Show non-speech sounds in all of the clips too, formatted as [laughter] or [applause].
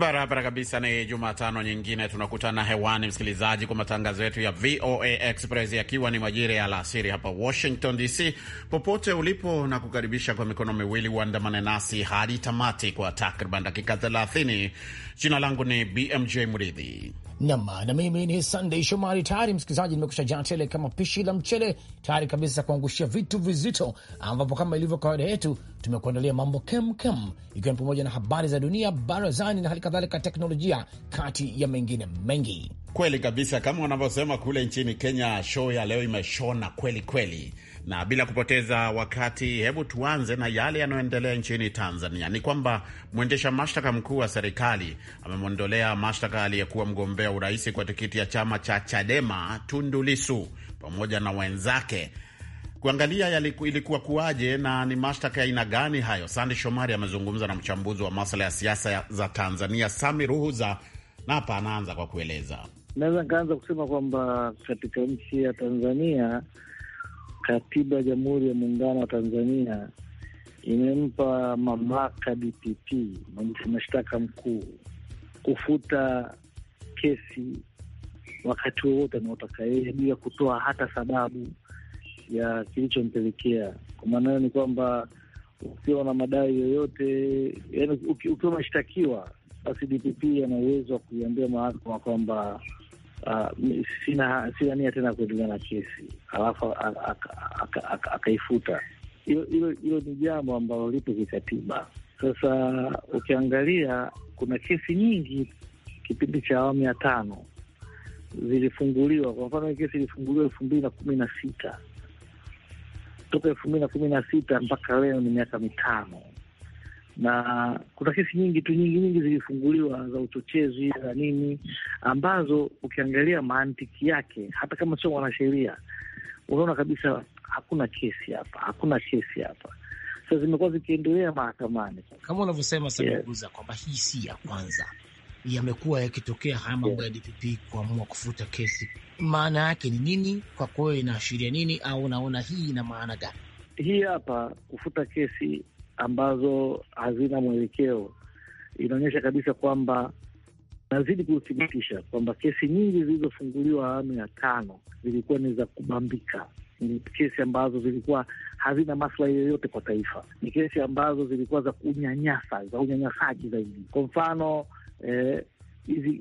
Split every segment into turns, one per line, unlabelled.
Barabara kabisa. Ni Jumatano nyingine tunakutana hewani, msikilizaji, kwa matangazo yetu ya VOA Express yakiwa ni majira ya alasiri hapa Washington DC. Popote ulipo, na kukaribisha kwa mikono miwili uandamane nasi hadi tamati kwa takriban dakika 30. Jina langu ni BMJ Mridhi
Nam na mimi ni Sunday Shomari. Tayari msikilizaji, nimekusha jaa tele kama pishi la mchele, tayari kabisa kuangushia vitu vizito, ambapo kama ilivyo kawaida yetu tumekuandalia mambo kemkem, ikiwa ni pamoja na habari za dunia, barazani na hali kadhalika teknolojia, kati ya
mengine mengi. Kweli kabisa, kama wanavyosema kule nchini Kenya, show ya leo imeshona kweli kweli. Na bila kupoteza wakati, hebu tuanze na yale yanayoendelea nchini Tanzania. Ni kwamba mwendesha mashtaka mkuu wa serikali amemwondolea mashtaka aliyekuwa mgombea urais kwa tikiti ya chama cha Chadema Tundu Lissu pamoja na wenzake kuangalia yaliku, ilikuwa kuwaje na ni mashtaka ya aina gani hayo. Sande Shomari amezungumza na mchambuzi wa masuala ya siasa za Tanzania Sami Ruhuza, na hapa anaanza kwa kueleza.
Naweza nikaanza kusema kwamba katika nchi ya Tanzania Katiba ya Jamhuri ya Muungano wa Tanzania imempa mamlaka DPP, mashtaka mkuu, kufuta kesi wakati wowote anaotaka yeye bila kutoa hata sababu ya kilichompelekea. Kwa maana hiyo ni kwamba ukiwa na madai yoyote, yani ukiwa umeshtakiwa, basi DPP ana uwezo wa kuiambia mahakama kwamba uh, sina sina nia tena kuendelea na kesi, alafu akaifuta. Hilo ni jambo ambalo lipo kikatiba. Sasa ukiangalia kuna kesi nyingi kipindi cha awamu ya tano zilifunguliwa. Kwa mfano, kesi ilifunguliwa elfu mbili na kumi na sita toka elfu mbili na kumi na sita mpaka leo ni miaka mitano na kuna kesi nyingi tu nyingi nyingi zilifunguliwa za uchochezi za nini, ambazo ukiangalia mantiki yake, hata kama sio mwanasheria, unaona kabisa hakuna kesi hapa, hakuna kesi hapa. Sasa zimekuwa zikiendelea mahakamani
kama unavyosema Saguza, yes. kwamba hii si ya kwanza, yamekuwa yakitokea haya mambo ya DPP kuamua kufuta kesi. Maana yake ni nini kwa kweyo Inaashiria nini, au unaona hii ina maana gani
hii hapa kufuta kesi ambazo hazina mwelekeo, inaonyesha kabisa kwamba nazidi kuthibitisha kwamba kesi nyingi zilizofunguliwa awamu ya tano zilikuwa ni za kubambika. Ni kesi ambazo zilikuwa hazina maslahi yoyote kwa taifa. Ni kesi ambazo zilikuwa za kunyanyasa, za unyanyasaji zaidi. Kwa mfano eh, hizi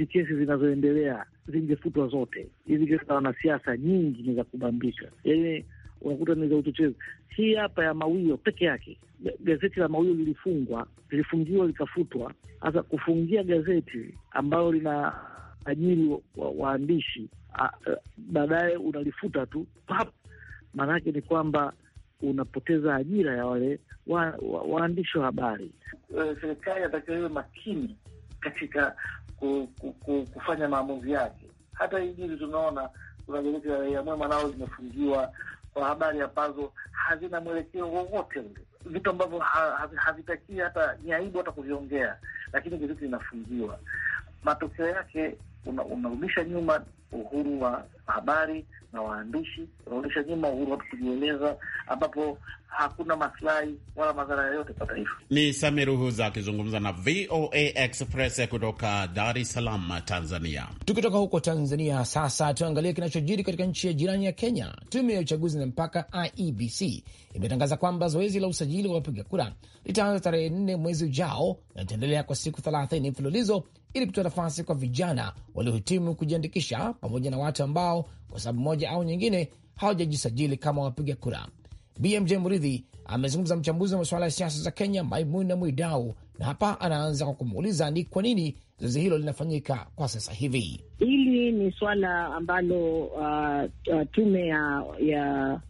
eh, kesi zinazoendelea zingefutwa zote. Hizi kesi za wanasiasa nyingi ni za kubambika, yaani unakuta ni za uchochezi. Hii hapa ya Mawio peke yake, gazeti la Mawio lilifungwa, lilifungiwa, likafutwa. Sasa kufungia gazeti ambayo lina ajiri waandishi wa baadaye unalifuta tu pap, ni kwamba unapoteza ajira ya wale waandishi wa, wa habari. Eh, serikali atakiwa iwe makini katika ku, ku, ku, kufanya maamuzi yake. Hata hii jili tunaona kuna gazeti la Raia Mwema nao limefungiwa, wa habari ambazo hazina mwelekeo wowote ule, vitu ambavyo havitakii hata ni aibu hata kuviongea, lakini vitu vinafungiwa. Matokeo yake unarudisha nyuma uhuru wa habari, na waandishi, unarudisha nyuma uhuru watu kujieleza, ambapo hakuna maslahi wala madhara yoyote kwa
taifa. Ni Sami Ruhuza akizungumza na VOA Express kutoka Dar es Salaam, Tanzania.
Tukitoka huko Tanzania sasa tuangalie kinachojiri katika nchi ya jirani ya Kenya. Tume ya uchaguzi na mpaka IEBC imetangaza kwamba zoezi la usajili wa wapiga kura litaanza tarehe nne mwezi ujao na itaendelea kwa siku thelathini mfululizo ili kutoa nafasi kwa vijana waliohitimu kujiandikisha pamoja na watu ambao kwa sababu moja au nyingine hawajajisajili kama wapiga kura. BMJ Muridhi amezungumza mchambuzi wa masuala ya siasa za Kenya, Maimuna Mwidau, na hapa anaanza kwa kumuuliza ni kwa nini zoezi hilo linafanyika kwa sasa hivi.
Hili ni swala ambalo uh, uh tume ya, ya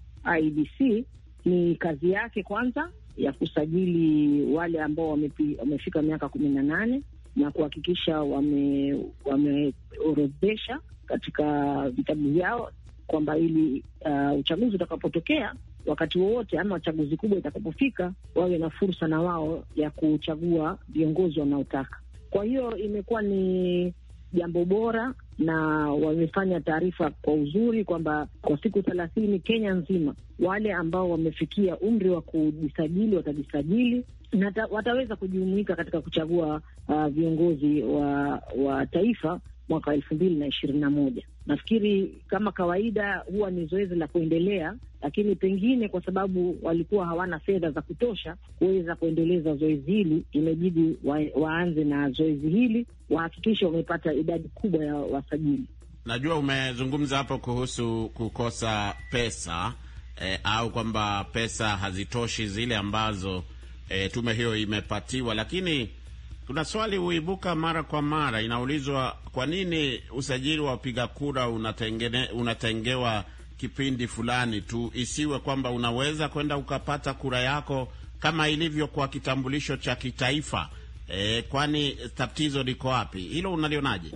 IBC ni kazi yake kwanza ya kusajili wale ambao wamefika miaka kumi na nane na kuhakikisha wameorodhesha wame katika vitabu vyao kwamba ili uh, uchaguzi utakapotokea wakati wowote ama chaguzi kubwa itakapofika, wawe na fursa na wao ya kuchagua viongozi wanaotaka. Kwa hiyo imekuwa ni jambo bora na wamefanya taarifa kwa uzuri kwamba kwa siku thelathini Kenya nzima wale ambao wamefikia umri wa kujisajili watajisajili, na wataweza kujumuika katika kuchagua uh, viongozi wa, wa taifa mwaka wa elfu mbili na ishirini na moja. Nafikiri kama kawaida huwa ni zoezi la kuendelea, lakini pengine kwa sababu walikuwa hawana fedha za kutosha kuweza kuendeleza zoezi hili, imebidi wa, waanze na zoezi hili, wahakikishe wamepata
idadi kubwa ya wasajili. Najua umezungumza hapo kuhusu kukosa pesa eh, au kwamba pesa hazitoshi zile ambazo e, tume hiyo imepatiwa, lakini kuna swali huibuka mara kwa mara, inaulizwa kwa nini usajili wa wapiga kura unatengewa kipindi fulani tu, isiwe kwamba unaweza kwenda ukapata kura yako kama ilivyo kwa kitambulisho cha kitaifa e, kwani tatizo liko wapi? Hilo unalionaje?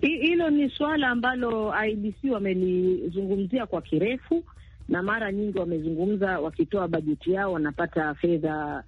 Hilo ni suala ambalo IBC wamelizungumzia kwa kirefu, na mara nyingi wamezungumza, wakitoa bajeti yao wanapata fedha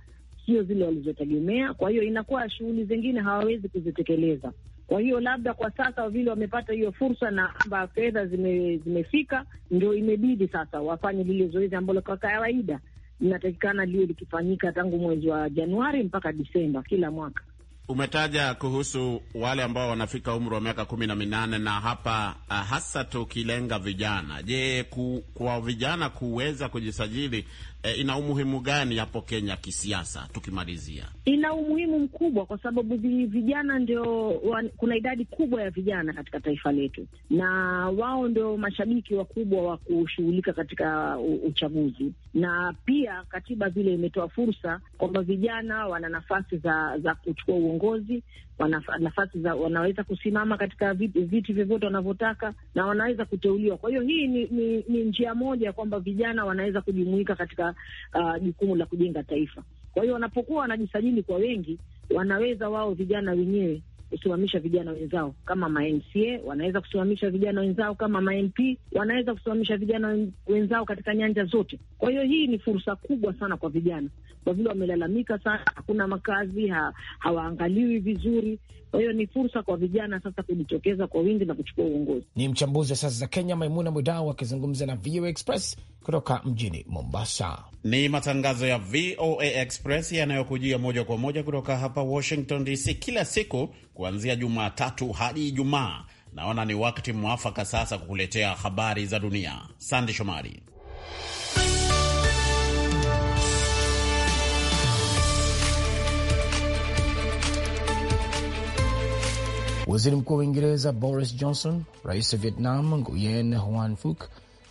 sio zile walizotegemea. Kwa hiyo inakuwa shughuli zingine hawawezi kuzitekeleza. Kwa hiyo labda kwa sasa vile wamepata hiyo fursa na amba fedha zime, zimefika, ndio imebidi sasa wafanye lile zoezi ambalo kwa kawaida linatakikana liwe likifanyika tangu mwezi wa Januari mpaka Disemba kila mwaka.
Umetaja kuhusu wale ambao wanafika umri wa miaka kumi na minane na hapa uh, hasa tukilenga vijana. Je, ku, kwa vijana kuweza kujisajili eh, ina umuhimu gani hapo Kenya kisiasa? Tukimalizia,
ina umuhimu mkubwa kwa sababu vijana ndio kuna idadi kubwa ya vijana katika taifa letu na wao ndio mashabiki wakubwa wa kushughulika katika uchaguzi, na pia katiba vile imetoa fursa kwamba vijana wana nafasi za, za kuchukua uongozi, wana nafasi za, wanaweza kusimama katika viti, vyovyote wanavyotaka na wanaweza kuteuliwa. Kwa hiyo hii ni, ni, ni njia moja ya kwamba vijana wanaweza kujumuika katika uh, jukumu uh, la kujenga taifa. Kwa hiyo wanapokuwa wanajisajili kwa wengi, wanaweza wao vijana wenyewe kusimamisha vijana wenzao kama ma-MCA, wanaweza kusimamisha vijana wenzao kama ma-MP, wanaweza kusimamisha vijana wenzao katika nyanja zote. Kwa hiyo hii ni fursa kubwa sana kwa vijana, kwa vile wamelalamika sana, hakuna makazi ha, hawaangaliwi vizuri. Kwa hiyo ni fursa kwa vijana sasa
kujitokeza kwa wingi na kuchukua uongozi. Ni mchambuzi wa siasa za Kenya, Maimuna mudau akizungumza na VOA Express kutoka mjini
Mombasa. Ni matangazo ya VOA Express yanayokujia moja kwa moja kutoka hapa Washington DC kila siku kuanzia Jumatatu hadi Ijumaa. Naona ni wakati mwafaka sasa kukuletea habari za dunia. Sande Shomari.
Waziri Mkuu wa Uingereza Boris Johnson, rais wa Vietnam Nguyen Huan Phuc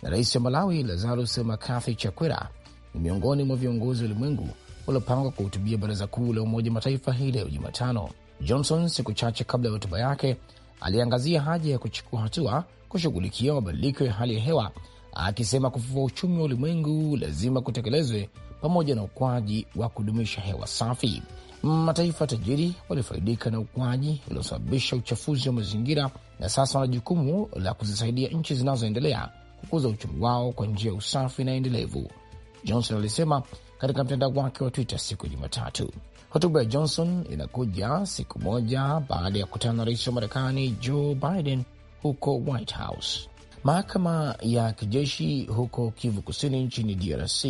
na rais wa Malawi Lazarus Makathi Chakwera ni miongoni mwa viongozi wa ulimwengu waliopangwa kuhutubia Baraza Kuu la Umoja Mataifa hii leo Jumatano. Johnson siku chache kabla ya hotuba yake aliangazia haja ya kuchukua hatua kushughulikia mabadiliko ya hali ya hewa, akisema kufufua uchumi wa ulimwengu lazima kutekelezwe pamoja na ukuaji wa kudumisha hewa safi. Mataifa tajiri walifaidika na ukuaji uliosababisha uchafuzi wa mazingira na sasa wana jukumu la kuzisaidia nchi zinazoendelea kukuza uchumi wao kwa njia ya usafi na endelevu, Johnson alisema katika mtandao wake wa Twitter siku ya Jumatatu. Hotuba ya Johnson inakuja siku moja baada ya kukutana na rais wa Marekani Joe Biden huko White House. Mahakama ya kijeshi huko Kivu Kusini nchini DRC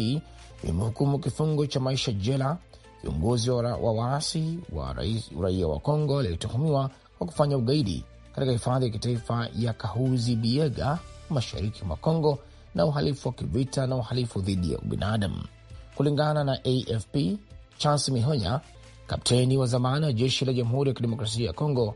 imehukumu kifungo cha maisha jela Viongozi wa waasi wa raia wa Kongo aliyetuhumiwa kwa kufanya ugaidi katika hifadhi ya kitaifa ya Kahuzi Biega mashariki mwa Kongo na uhalifu wa kivita na uhalifu dhidi ya ubinadamu. Kulingana na AFP, Charles Mihonya, kapteni wa zamani wa jeshi la Jamhuri ya Kidemokrasia ya Kongo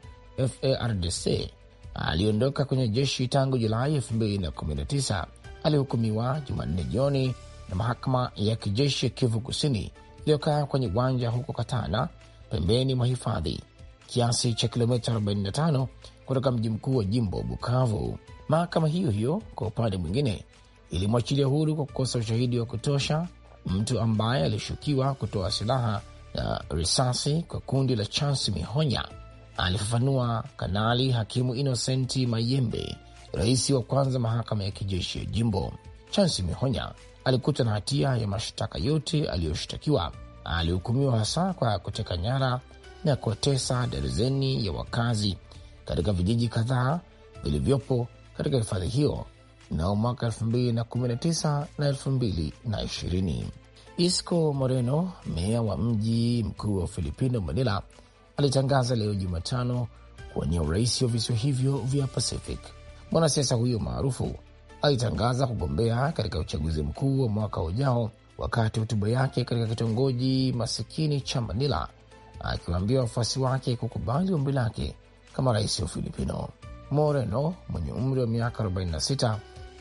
FARDC aliondoka kwenye jeshi tangu Julai 2019 alihukumiwa Jumanne jioni na mahakama ya kijeshi ya Kivu Kusini iliyokaa kwenye uwanja huko Katana, pembeni mwa hifadhi, kiasi cha kilomita 45 kutoka mji mkuu wa jimbo Bukavu. Mahakama hiyo hiyo, kwa upande mwingine, ilimwachilia huru kwa kukosa ushahidi wa kutosha mtu ambaye alishukiwa kutoa silaha na risasi kwa kundi la Chansi Mihonya, alifafanua Kanali Hakimu Inosenti Mayembe, rais wa kwanza mahakama ya kijeshi ya jimbo. Chansi Mihonya alikutwa na hatia ya mashtaka yote aliyoshtakiwa. Alihukumiwa hasa kwa kuteka nyara na kuwatesa darzeni ya wakazi katika vijiji kadhaa vilivyopo katika hifadhi hiyo nao mwaka 2019 na 2020. Isco Moreno, meya wa mji mkuu wa Filipino, Manila, alitangaza leo Jumatano kuwania urais wa visiwa hivyo vya Pacific. Mwanasiasa huyo maarufu alitangaza kugombea katika uchaguzi mkuu wa mwaka ujao wakati hotuba yake katika kitongoji masikini cha Manila, akiwaambia wafuasi wake kukubali ombi lake kama rais wa Filipino. Moreno mwenye umri wa miaka 46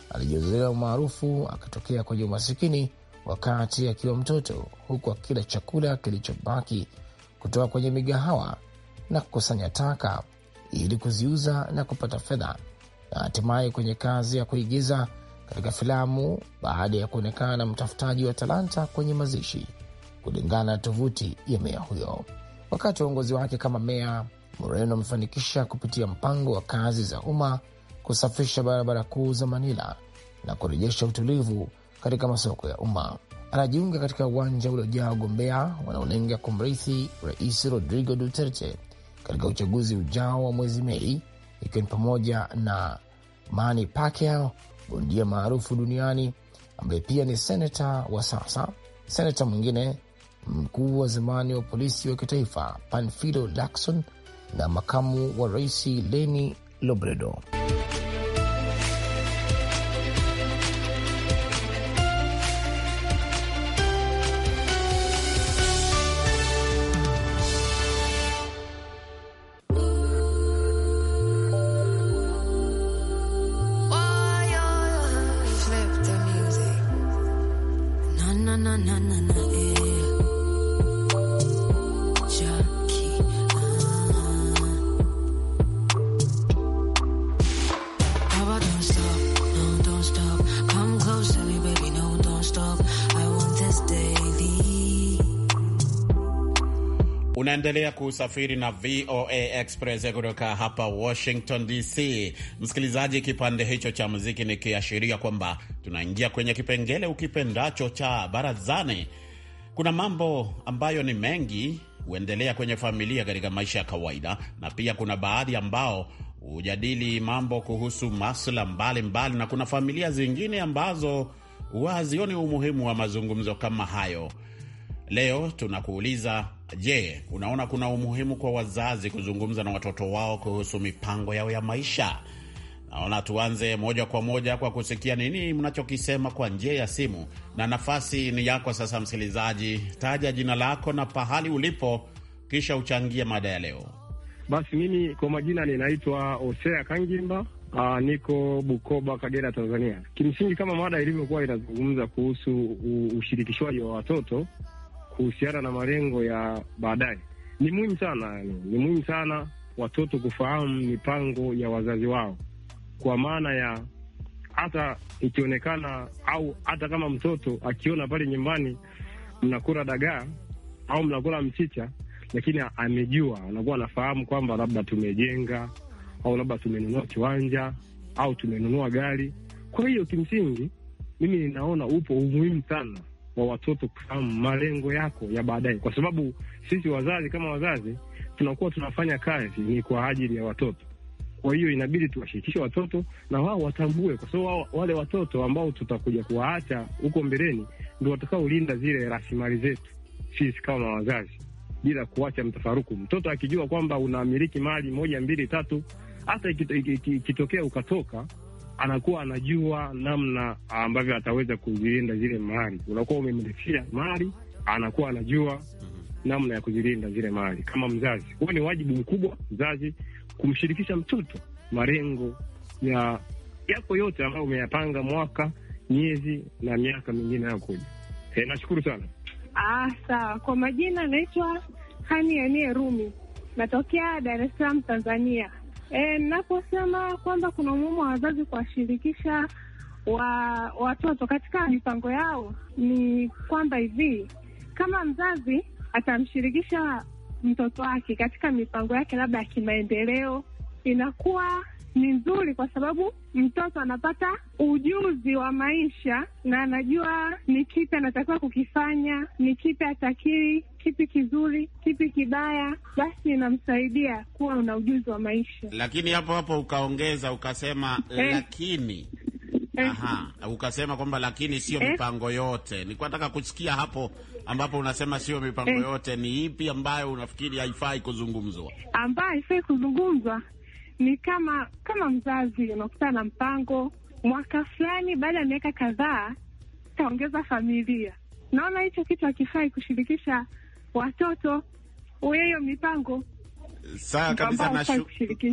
alijizolea umaarufu akitokea kwenye umasikini wakati akiwa mtoto, huku akila chakula kilichobaki kutoka kwenye migahawa na kukusanya taka ili kuziuza na kupata fedha na hatimaye kwenye kazi ya kuigiza katika filamu baada ya kuonekana mtafutaji wa talanta kwenye mazishi, kulingana na tovuti ya meya huyo. Wakati wa uongozi wake kama meya, Moreno amefanikisha kupitia mpango wa kazi za umma, kusafisha barabara kuu za Manila na kurejesha utulivu katika masoko ya umma. Anajiunga katika uwanja uliojaa wagombea wanaolenga kumrithi Rais Rodrigo Duterte katika uchaguzi ujao wa mwezi Mei ikiwa ni pamoja na Manny Pacquiao, bondia maarufu duniani ambaye pia ni senata wa sasa. Senata mwingine mkuu wa zamani wa polisi wa kitaifa Panfilo Lacson na makamu wa rais Leni lobredo
kusafiri na VOA Express kutoka hapa Washington DC. Msikilizaji, kipande hicho cha muziki ni kiashiria kwamba tunaingia kwenye kipengele ukipendacho cha barazani. Kuna mambo ambayo ni mengi huendelea kwenye familia katika maisha ya kawaida, na pia kuna baadhi ambao hujadili mambo kuhusu masuala mbalimbali, na kuna familia zingine ambazo huwa hazioni umuhimu wa mazungumzo kama hayo. Leo tunakuuliza, je, unaona kuna umuhimu kwa wazazi kuzungumza na watoto wao kuhusu mipango yao ya maisha? Naona tuanze moja kwa moja kwa kusikia nini mnachokisema kwa njia ya simu, na nafasi ni yako sasa. Msikilizaji, taja jina lako na pahali ulipo, kisha uchangie mada ya leo.
Basi mimi kwa majina ninaitwa Osea Kangimba. Aa, ah, niko Bukoba, Kagera, Tanzania. Kimsingi kama mada ilivyokuwa inazungumza kuhusu ushirikishwaji wa watoto kuhusiana na malengo ya baadaye. Ni muhimu sana yani, ni muhimu sana watoto kufahamu mipango ya wazazi wao, kwa maana ya hata ikionekana au hata kama mtoto akiona pale nyumbani mnakula dagaa au mnakula mchicha, lakini amejua, anakuwa anafahamu kwamba labda tumejenga au labda tumenunua kiwanja au tumenunua gari. Kwa hiyo kimsingi, mimi ninaona upo umuhimu sana wa watoto kufahamu malengo yako ya baadaye, kwa sababu sisi wazazi kama wazazi tunakuwa tunafanya kazi ni kwa ajili ya watoto. Kwa hiyo inabidi tuwashirikishe watoto na wao watambue, kwa sababu wale watoto ambao tutakuja kuwaacha huko mbeleni ndo watakaolinda zile rasilimali zetu sisi kama wazazi, bila kuacha mtafaruku. Mtoto akijua kwamba unamiliki mali moja mbili tatu, hata ikitokea ukatoka anakuwa anajua namna ambavyo ataweza kuzilinda zile mali. Unakuwa umemlifia mali, anakuwa anajua mhm. namna ya kuzilinda zile mali kama mzazi. Huo ni wajibu mkubwa mzazi kumshirikisha mtoto malengo ya yako yote ambayo umeyapanga mwaka, miezi na miaka mingine yakuja. E, eh, nashukuru sana.
Ah, sawa. Kwa majina naitwa Hani Anie Rumi, natokea Dar es Salaam, Tanzania. E, eh, naposema kwamba kuna umuhimu wa wazazi kuwashirikisha wa watoto katika mipango yao, ni kwamba hivi kama mzazi atamshirikisha mtoto wake katika mipango yake labda ya kimaendeleo, inakuwa ni nzuri kwa sababu mtoto anapata ujuzi wa maisha na anajua ni kipi anatakiwa kukifanya, ni kipi atakiri, kipi kizuri, kipi kibaya, basi inamsaidia kuwa una ujuzi wa maisha.
Lakini hapo hapo ukaongeza ukasema eh, lakini eh. Aha, ukasema kwamba lakini sio eh, mipango yote. Nilikuwa nataka kusikia hapo ambapo unasema sio mipango eh, yote. Ni ipi ambayo unafikiri haifai kuzungumzwa,
ambayo haifai kuzungumzwa? ni kama kama mzazi unakuta na mpango mwaka fulani, baada ya miaka kadhaa taongeza familia. Naona hicho kitu hakifai kushirikisha watoto weyo mipango.
Sawa kabisa.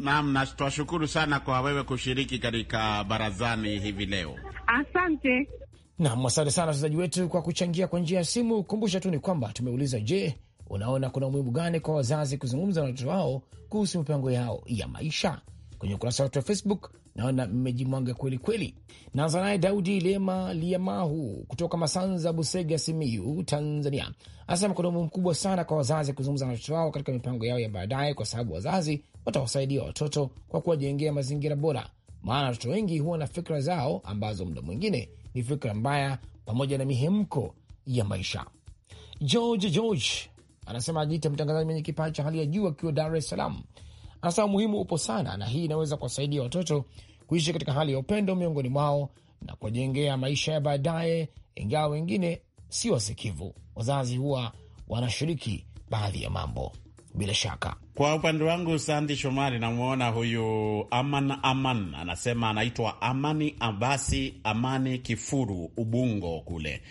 Naam, twashukuru sana kwa wewe kushiriki katika barazani hivi leo,
asante.
Naam,
asante sana wachezaji wetu kwa kuchangia kwa njia ya simu. Kumbusha tu ni kwamba tumeuliza, je, unaona kuna umuhimu gani kwa wazazi kuzungumza na watoto wao kuhusu mipango yao ya maisha? Kwenye ukurasa wetu wa Facebook naona mmejimwanga kweli kweli. Naanza naye Daudi Lema Liamahu kutoka Masanza, Busega, Simiyu, Tanzania, anasema kuna umuhimu mkubwa sana kwa wazazi kuzungumza na watoto wao katika mipango yao ya baadaye, kwa sababu wazazi watawasaidia watoto kwa kuwajengea mazingira bora, maana watoto wengi huwa na fikra zao ambazo muda mwingine ni fikra mbaya pamoja na mihemko ya maisha. George George anasema anajiita mtangazaji mwenye kipaji cha hali ya juu akiwa Dar es Salaam. Anasema umuhimu upo sana, na hii inaweza kuwasaidia watoto kuishi katika hali ya upendo miongoni mwao na kuwajengea maisha ya baadaye, ingawa wengine si wasikivu. Wazazi huwa wanashiriki baadhi ya mambo. Bila shaka
kwa upande wangu, Sandi Shomari, namwona huyu Aman Aman anasema anaitwa Amani Abasi Amani Kifuru, Ubungo kule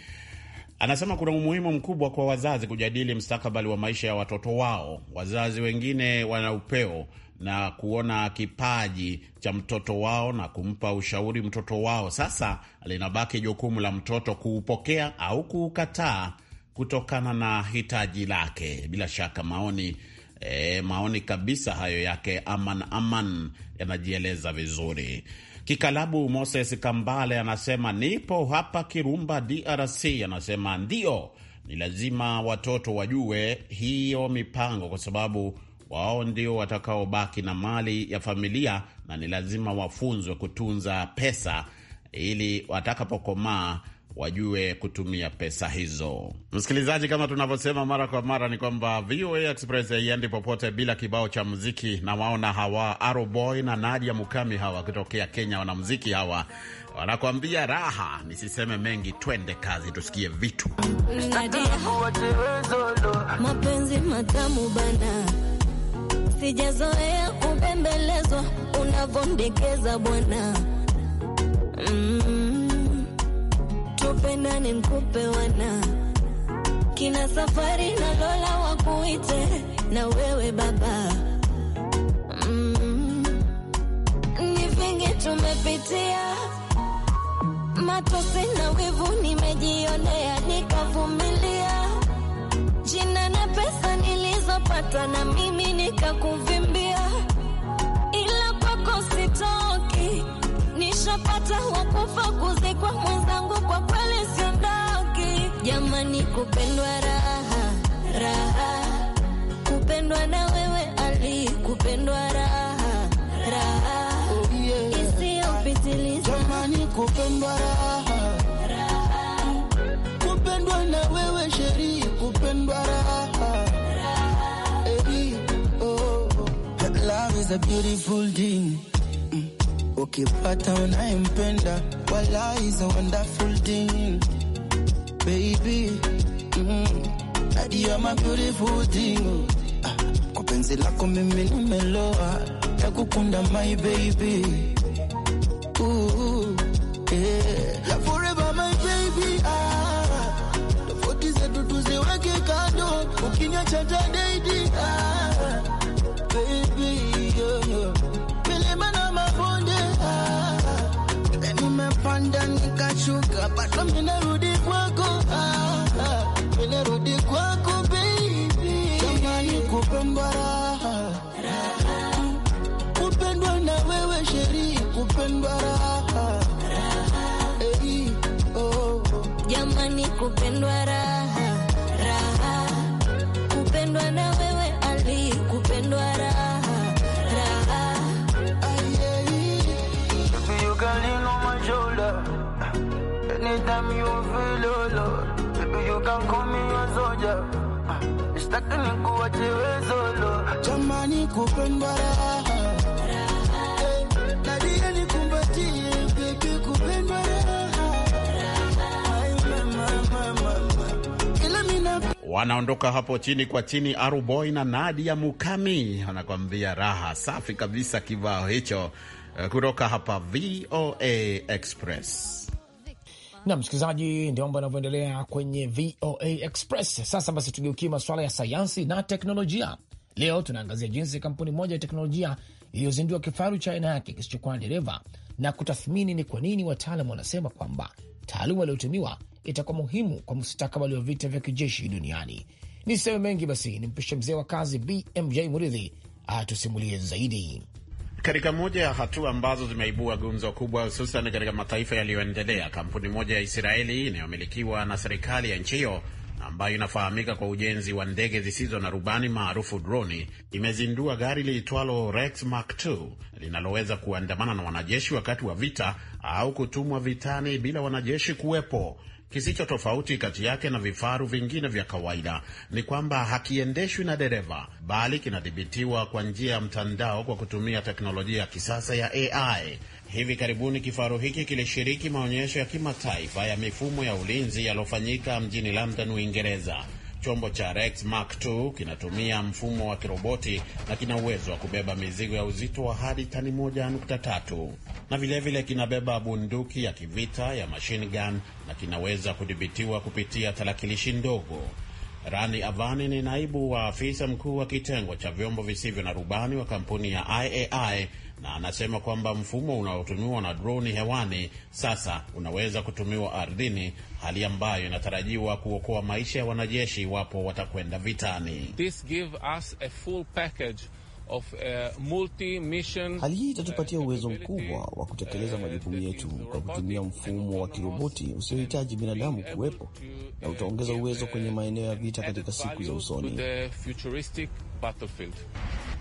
Anasema kuna umuhimu mkubwa kwa wazazi kujadili mstakabali wa maisha ya watoto wao. Wazazi wengine wana upeo na kuona kipaji cha mtoto wao na kumpa ushauri mtoto wao. Sasa linabaki jukumu la mtoto kuupokea au kuukataa kutokana na hitaji lake. Bila shaka maoni e, maoni kabisa hayo yake Aman Aman yanajieleza vizuri. Kikalabu Moses Kambale anasema nipo hapa Kirumba, DRC. Anasema ndio, ni lazima watoto wajue hiyo mipango, kwa sababu wao ndio watakaobaki na mali ya familia, na ni lazima wafunzwe kutunza pesa ili watakapokomaa wajue kutumia pesa hizo. Msikilizaji, kama tunavyosema mara kwa mara ni kwamba VOA Express haiendi popote bila kibao cha muziki, na waona hawa Aroboy na Nadia Mukami hawa kutokea Kenya, wanamuziki hawa wanakuambia raha. Nisiseme mengi, twende kazi, tusikie vitu
mapenzi matamu bana, sijazoea kubembelezwa bwana mm ni mkupe wana kina safari na Lola wakuite na wewe baba mm. Ni vingi tumepitia, matosi na wivu nimejionea, nikavumilia. Jina na pesa nilizopata na mimi nikakuvimbia, ila kwako sitoki. Nishapata wakufa kuzikwa mwenzangu, kwa kweli jamani, kupendwa raha raha, kupendwa na wewe Ali, kupendwa raha raha
Oh, yeah. isiyopitiliza, jamani, kupendwa raha raha, kupendwa na wewe Sheri, kupendwa raha oh. Love is a beautiful thing. Mm. Ukipata unayempenda, wala is a wonderful thing baby mm, you're my beautiful thing ah, kwa penzi lako mimi nimeloa takukunda my baby ooh, yeah. forever my baby ah, tofauti zetu tuziweke kando cha ah, baby nimeshuka bado mimi narudi kwako, ah, ah kwako baby, jamani kupendwa raha, kupendwa na wewe sheri, kupendwa raha, oh, oh.
jamani kupendwa raha
time you feel your love, baby you can call me a soldier. Ah, nishtaki solo, jamani raha
wanaondoka hapo chini kwa chini, Aruboy na Nadia Mukami wanakwambia raha safi kabisa, kibao hicho eh, kutoka hapa VOA Express
na msikilizaji, ndio mambo yanavyoendelea kwenye VOA Express. Sasa basi, tugeukie masuala ya sayansi na teknolojia. Leo tunaangazia jinsi kampuni moja ya teknolojia iliyozindua kifaru cha aina yake kisichokuwa dereva na kutathmini ni kwa nini wataalam wanasema kwamba taaluma iliyotumiwa itakuwa muhimu kwa mustakabali wa vita vya kijeshi duniani. Ni sehemu mengi, basi nimpishe mzee wa kazi BMJ Muridhi atusimulie zaidi.
Katika moja ya hatua ambazo zimeibua gumzo kubwa hususan katika mataifa yaliyoendelea, kampuni moja ya Israeli inayomilikiwa na serikali ya nchi hiyo ambayo inafahamika kwa ujenzi wa ndege zisizo na rubani maarufu droni, imezindua gari liitwalo Rex Mark linaloweza kuandamana na wanajeshi wakati wa vita au kutumwa vitani bila wanajeshi kuwepo. Kisicho tofauti kati yake na vifaru vingine vya kawaida ni kwamba hakiendeshwi na dereva, bali kinadhibitiwa kwa njia ya mtandao kwa kutumia teknolojia ya kisasa ya AI. Hivi karibuni kifaru hiki kilishiriki maonyesho ya kimataifa ya mifumo ya ulinzi yaliyofanyika mjini London, Uingereza. Chombo cha Rex Mark II kinatumia mfumo wa kiroboti na kina uwezo wa kubeba mizigo ya uzito wa hadi tani 1.3 na vilevile vile kinabeba bunduki ya kivita ya machine gun na kinaweza kudhibitiwa kupitia tarakilishi ndogo. Rani Avani ni naibu wa afisa mkuu wa kitengo cha vyombo visivyo na rubani wa kampuni ya IAI na anasema kwamba mfumo unaotumiwa na droni hewani sasa unaweza kutumiwa ardhini, hali ambayo inatarajiwa kuokoa maisha ya wanajeshi iwapo watakwenda vitani. This give us a full package Of, hali hii itatupatia uh, uwezo
mkubwa wa kutekeleza uh, majukumu yetu kwa kutumia mfumo wa kiroboti usiohitaji binadamu
kuwepo na uh, utaongeza uwezo kwenye maeneo ya vita katika siku za usoni.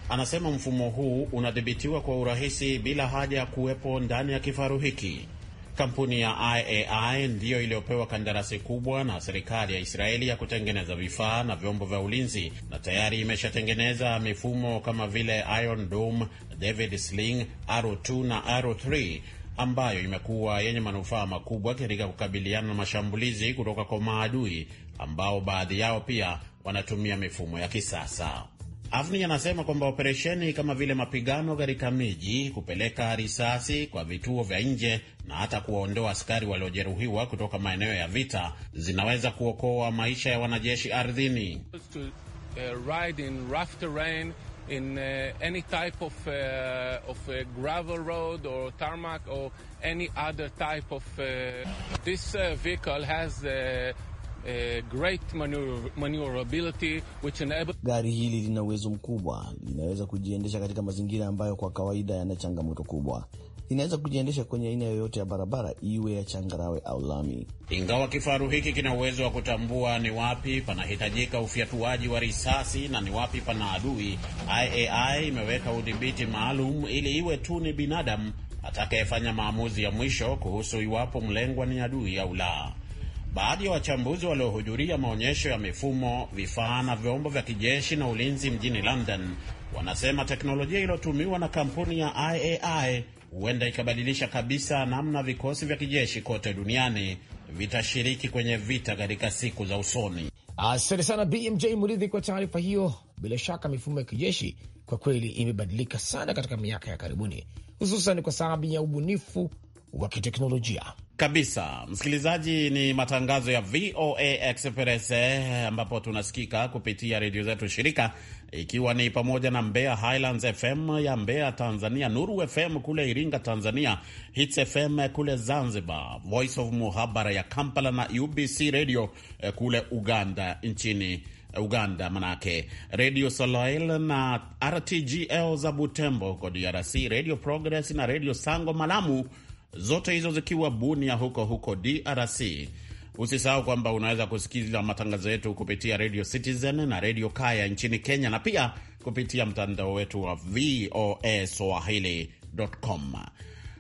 Anasema mfumo huu unadhibitiwa kwa urahisi bila haja ya kuwepo ndani ya kifaru hiki. Kampuni ya IAI ndiyo iliyopewa kandarasi kubwa na serikali ya Israeli ya kutengeneza vifaa na vyombo vya ulinzi na tayari imeshatengeneza mifumo kama vile Iron Dome, David Sling, Arrow 2 na Arrow 3 ambayo imekuwa yenye manufaa makubwa katika kukabiliana na mashambulizi kutoka kwa maadui ambao baadhi yao pia wanatumia mifumo ya kisasa. Afni anasema kwamba operesheni kama vile mapigano katika miji, kupeleka risasi kwa vituo vya nje na hata kuwaondoa askari waliojeruhiwa kutoka maeneo ya vita zinaweza kuokoa maisha ya wanajeshi ardhini. Gari
hili lina uwezo mkubwa, linaweza kujiendesha katika mazingira ambayo kwa kawaida yana changamoto kubwa inaweza kujiendesha kwenye aina yoyote ya barabara iwe ya changarawe au lami.
Ingawa kifaru hiki kina uwezo wa kutambua ni wapi panahitajika ufyatuaji wa risasi na ni wapi pana adui, IAI imeweka udhibiti maalum ili iwe tu ni binadamu atakayefanya maamuzi ya mwisho kuhusu iwapo mlengwa ni adui au la. Baadhi ya wachambuzi waliohudhuria maonyesho ya mifumo, vifaa na vyombo vya kijeshi na ulinzi mjini London wanasema teknolojia iliyotumiwa na kampuni ya IAI huenda ikabadilisha kabisa namna vikosi vya kijeshi kote duniani vitashiriki kwenye vita katika siku za usoni.
Asante sana BMJ Muridhi kwa taarifa hiyo. Bila shaka mifumo ya kijeshi kwa kweli imebadilika sana katika miaka ya karibuni, hususan kwa sababu ya ubunifu wa kiteknolojia
kabisa. Msikilizaji, ni matangazo ya VOA Express eh, ambapo tunasikika kupitia redio zetu shirika, ikiwa ni pamoja na Mbeya Highlands FM ya Mbeya Tanzania, Nuru FM kule Iringa Tanzania, Hits FM kule Zanzibar, Voice of Muhabara ya Kampala na UBC Radio eh, kule Uganda nchini eh, Uganda manake Radio Solail na RTGL za Butembo huko DRC, Radio Progress na Radio Sango Malamu zote hizo zikiwa Bunia huko huko DRC. Usisahau kwamba unaweza kusikiliza matangazo yetu kupitia Radio Citizen na Radio Kaya nchini Kenya na pia kupitia mtandao wetu wa VOA Swahili.com.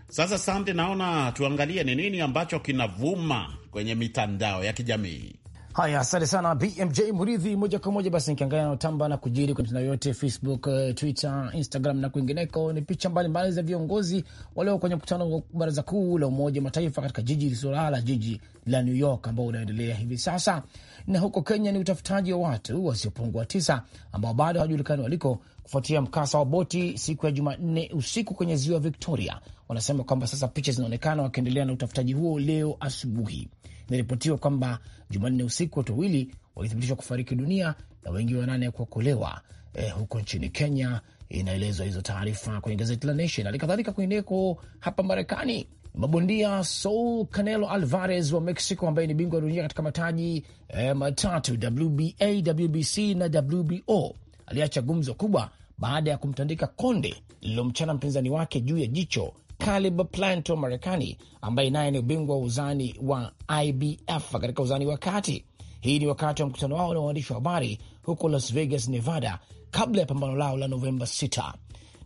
Sasa Sande, naona tuangalie ni nini ambacho kinavuma kwenye mitandao ya kijamii.
Haya, asante sana BMJ Muridhi. Moja kwa moja basi nikiangalia naotamba na kujiri kwenye mitandao yote Facebook, eh, Twitter, Instagram na kwingineko, ni picha mbalimbali za viongozi walio kwenye mkutano wa baraza kuu la Umoja Mataifa katika jiji lisilolala, jiji la New York ambao unaendelea hivi sasa. Na huko Kenya ni utafutaji wa watu wasiopungua tisa ambao bado hawajulikani waliko kufuatia mkasa wa boti siku ya Jumanne usiku kwenye ziwa Victoria. Wanasema kwamba sasa picha zinaonekana wakiendelea na utafutaji huo leo asubuhi. Inaripotiwa kwamba Jumanne usiku watu wawili walithibitishwa kufariki dunia na wengi wanane kuokolewa eh, huko nchini Kenya. Inaelezwa hizo taarifa kwenye gazeti la Nation. Hali kadhalika kwingineko hapa Marekani, mabondia Saul Canelo Alvarez wa Mexico ambaye ni bingwa dunia katika mataji eh, matatu WBA, WBC na WBO aliacha gumzo kubwa baada ya kumtandika konde lililomchana mpinzani wake juu ya jicho Caleb Plant wa Marekani, ambaye naye ni ubingwa wa uzani wa IBF katika uzani wa kati. Hii ni wakati wa mkutano wao na waandishi wa habari huko Las Vegas, Nevada, kabla ya pambano lao la Novemba 6.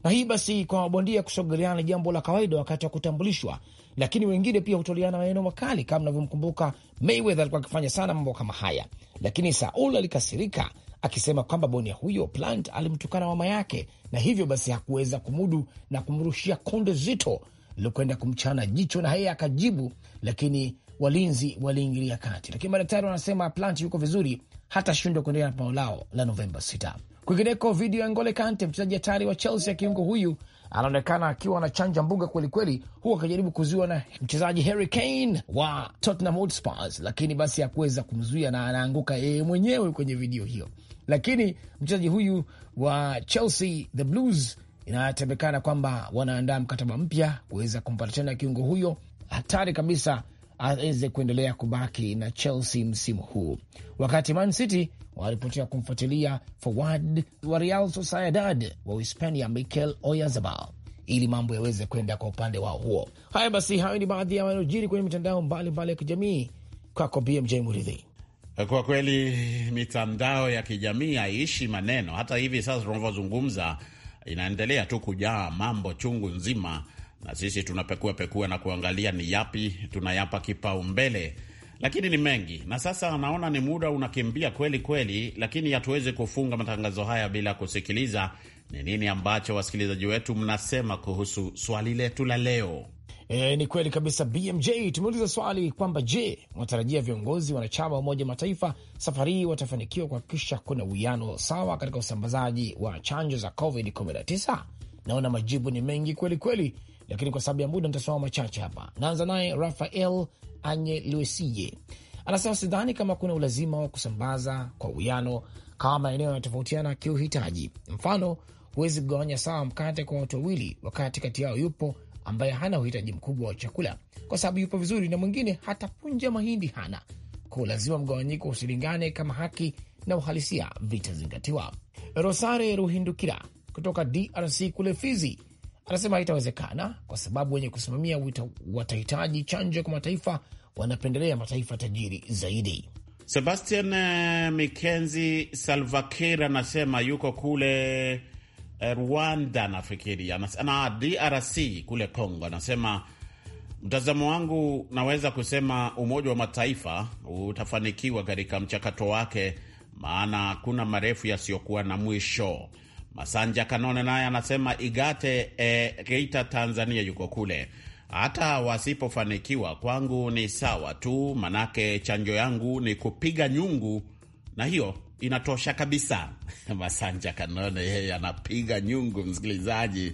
Na hii basi, kwa mabondia kusogeleana ni jambo la kawaida wakati wa kutambulishwa, lakini wengine pia hutoliana maneno makali. Kama navyomkumbuka Mayweather alikuwa akifanya sana mambo kama haya, lakini Saul alikasirika akisema kwamba bonia huyo Plant alimtukana mama yake na hivyo basi hakuweza kumudu na kumrushia konde zito lilokwenda kumchana jicho na yeye akajibu, lakini walinzi waliingilia kati. Lakini madaktari wanasema Plant yuko vizuri, hatashindwa kuendelea na pambano lao la Novemba 6. Kwingineko, video ya Ngole Kante, mchezaji hatari wa Chelsea ya kiungo huyu anaonekana akiwa anachanja mbuga kwelikweli, huku akijaribu kuzuiwa na mchezaji Harry Kane wa Tottenham Hotspur, lakini basi hakuweza kumzuia na anaanguka yeye mwenyewe kwenye video hiyo. Lakini mchezaji huyu wa Chelsea the Blues inasemekana kwamba wanaandaa mkataba mpya kuweza kumpata tena kiungo huyo hatari kabisa aweze kuendelea kubaki na Chelsea msimu huu, wakati Man City walipotea kumfuatilia forward wa Real Sociedad wa Uhispania Mikel Oyarzabal ili mambo yaweze kwenda kwa upande wao huo. Haya basi, hayo ni baadhi ya yanayojiri kwenye mitandao mbalimbali ya kijamii. Kwako BMJ Muridhi.
Kwa kweli mitandao ya kijamii haiishi maneno. Hata hivi sasa tunavyozungumza, inaendelea tu kujaa mambo chungu nzima na sisi tunapekua pekua na kuangalia ni yapi tunayapa kipaumbele, lakini ni mengi. Na sasa naona ni muda unakimbia kweli kweli, lakini hatuwezi kufunga matangazo haya bila kusikiliza ni nini ambacho wasikilizaji wetu mnasema kuhusu swali letu la leo. E,
ni kweli kabisa BMJ. Tumeuliza swali kwamba je, wanatarajia viongozi wanachama wa Umoja Mataifa safari hii watafanikiwa kuhakikisha kuna uwiano sawa katika usambazaji wa chanjo za COVID-19? Naona majibu ni mengi kweli kweli, lakini kwa sababu ya muda nitasoma machache hapa. Naanza naye Rafael Luesije, anasema sidhani kama kuna ulazima wa kusambaza kwa uwiano kama maeneo yanatofautiana kiuhitaji. Mfano, huwezi kugawanya sawa mkate kwa watu wawili wakati kati yao yupo ambaye hana uhitaji mkubwa wa chakula kwa sababu yupo vizuri na mwingine hata punja mahindi hana. Kwa lazima mgawanyiko usilingane kama haki na uhalisia vitazingatiwa. Rosare Ruhindukira kutoka DRC kule Fizi Anasema haitawezekana kwa sababu wenye kusimamia watahitaji chanjo kwa mataifa wanapendelea mataifa tajiri
zaidi. Sebastian eh, Mikenzi Salvakir anasema yuko kule eh, Rwanda, nafikiri na DRC kule Congo. Anasema mtazamo wangu, naweza kusema Umoja wa Mataifa utafanikiwa katika mchakato wake, maana kuna marefu yasiyokuwa na mwisho. Masanja Kanone naye anasema Igate e, Geita Tanzania yuko kule. Hata wasipofanikiwa kwangu ni sawa tu, manake chanjo yangu ni kupiga nyungu na hiyo inatosha kabisa. [laughs] Masanja Kanone yeye anapiga nyungu, msikilizaji,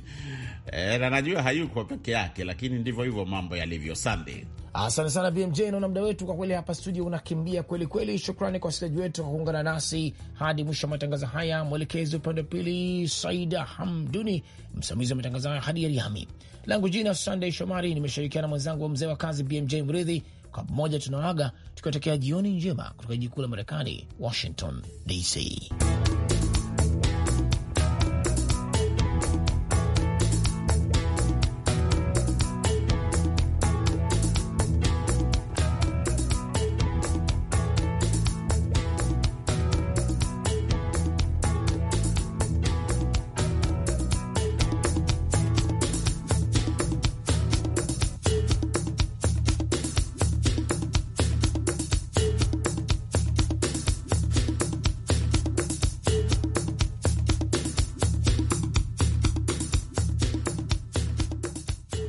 e, na najua hayuko peke yake, lakini ndivyo hivyo mambo yalivyo. Sande.
Asante sana BMJ, naona muda wetu kwa kweli hapa studio unakimbia kweli kweli. Shukrani kwa wasikilizaji wetu kwa kuungana nasi hadi mwisho wa matangazo haya. Mwelekezi upande wa pili Saida Hamduni, msimamizi wa matangazo haya hadi Yariami, langu jina Sunday Shomari, nimeshirikiana mwenzangu wa mzee wa kazi BMJ Mridhi. Kwa pamoja tunawaaga tukiwatakia jioni njema kutoka jiji kuu la Marekani, Washington DC.